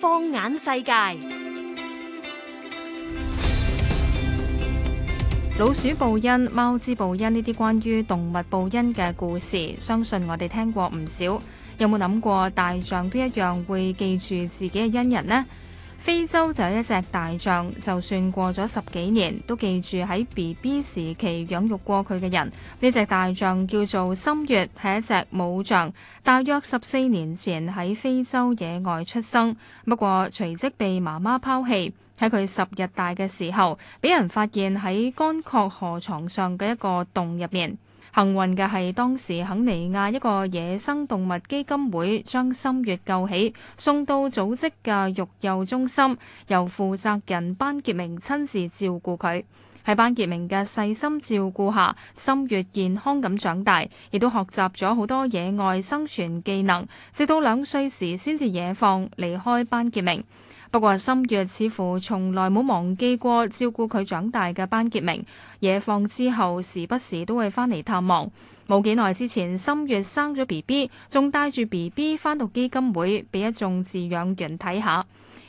放眼世界，老鼠報恩、貓之報恩呢啲關於動物報恩嘅故事，相信我哋聽過唔少。有冇諗過大象都一樣會記住自己嘅恩人呢？非洲就有一隻大象，就算過咗十幾年，都記住喺 BB 時期養育過佢嘅人。呢隻大象叫做心月，係一隻母象，大約十四年前喺非洲野外出生，不過隨即被媽媽拋棄。喺佢十日大嘅時候，俾人發現喺乾涸河床上嘅一個洞入面。幸運嘅係當時肯尼亞一個野生動物基金會將心月救起，送到組織嘅育幼中心，由負責人班傑明親自照顧佢。喺班傑明嘅細心照顧下，心月健康咁長大，亦都學習咗好多野外生存技能。直到兩歲時先至野放離開班傑明。不過，深月似乎從來冇忘記過照顧佢長大嘅班傑明。野放之後，時不時都會翻嚟探望。冇幾耐之前，深月生咗 B B，仲帶住 B B 翻到基金會，俾一眾飼養員睇下。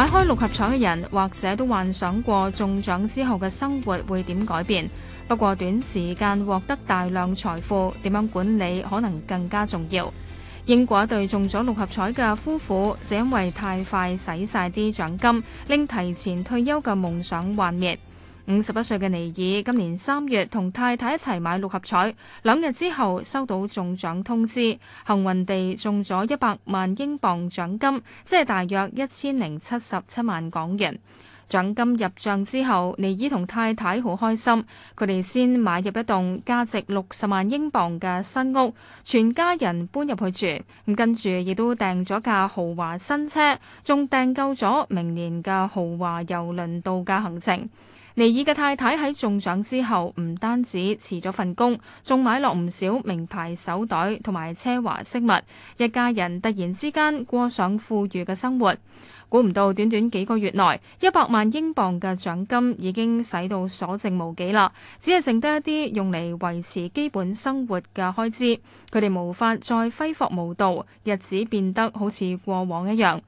買開六合彩嘅人，或者都幻想過中獎之後嘅生活會點改變。不過短時間獲得大量財富，點樣管理可能更加重要。英國一對中咗六合彩嘅夫婦，就因為太快使晒啲獎金，令提前退休嘅夢想幻滅。五十一歲嘅尼爾今年三月同太太一齊買六合彩，兩日之後收到中獎通知，幸運地中咗一百萬英鎊獎金，即係大約一千零七十七萬港元。獎金入帳之後，尼爾同太太好開心，佢哋先買入一棟價值六十萬英鎊嘅新屋，全家人搬入去住。咁跟住亦都訂咗架豪華新車，仲訂購咗明年嘅豪華郵輪度假行程。尼爾嘅太太喺中獎之後，唔單止辭咗份工，仲買落唔少名牌手袋同埋奢華飾物，一家人突然之間過上富裕嘅生活。估唔到短短幾個月內，一百萬英鎊嘅獎金已經使到所剩無幾啦，只係剩低一啲用嚟維持基本生活嘅開支，佢哋無法再揮霍無度，日子變得好似過往一樣。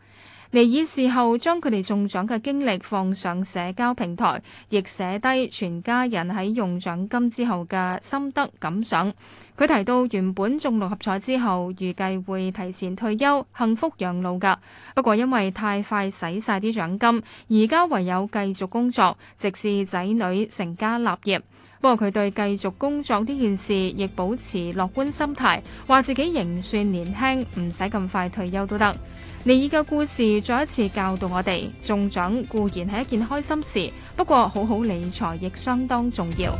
尼爾事後將佢哋中獎嘅經歷放上社交平台，亦寫低全家人喺用獎金之後嘅心得感想。佢提到原本中六合彩之後，預計會提前退休，幸福養老㗎。不過因為太快使晒啲獎金，而家唯有繼續工作，直至仔女成家立業。不過佢對繼續工作呢件事亦保持樂觀心態，話自己仍算年輕，唔使咁快退休都得。尼爾嘅故事再一次教導我哋，中獎固然係一件開心事，不過好好理財亦相當重要。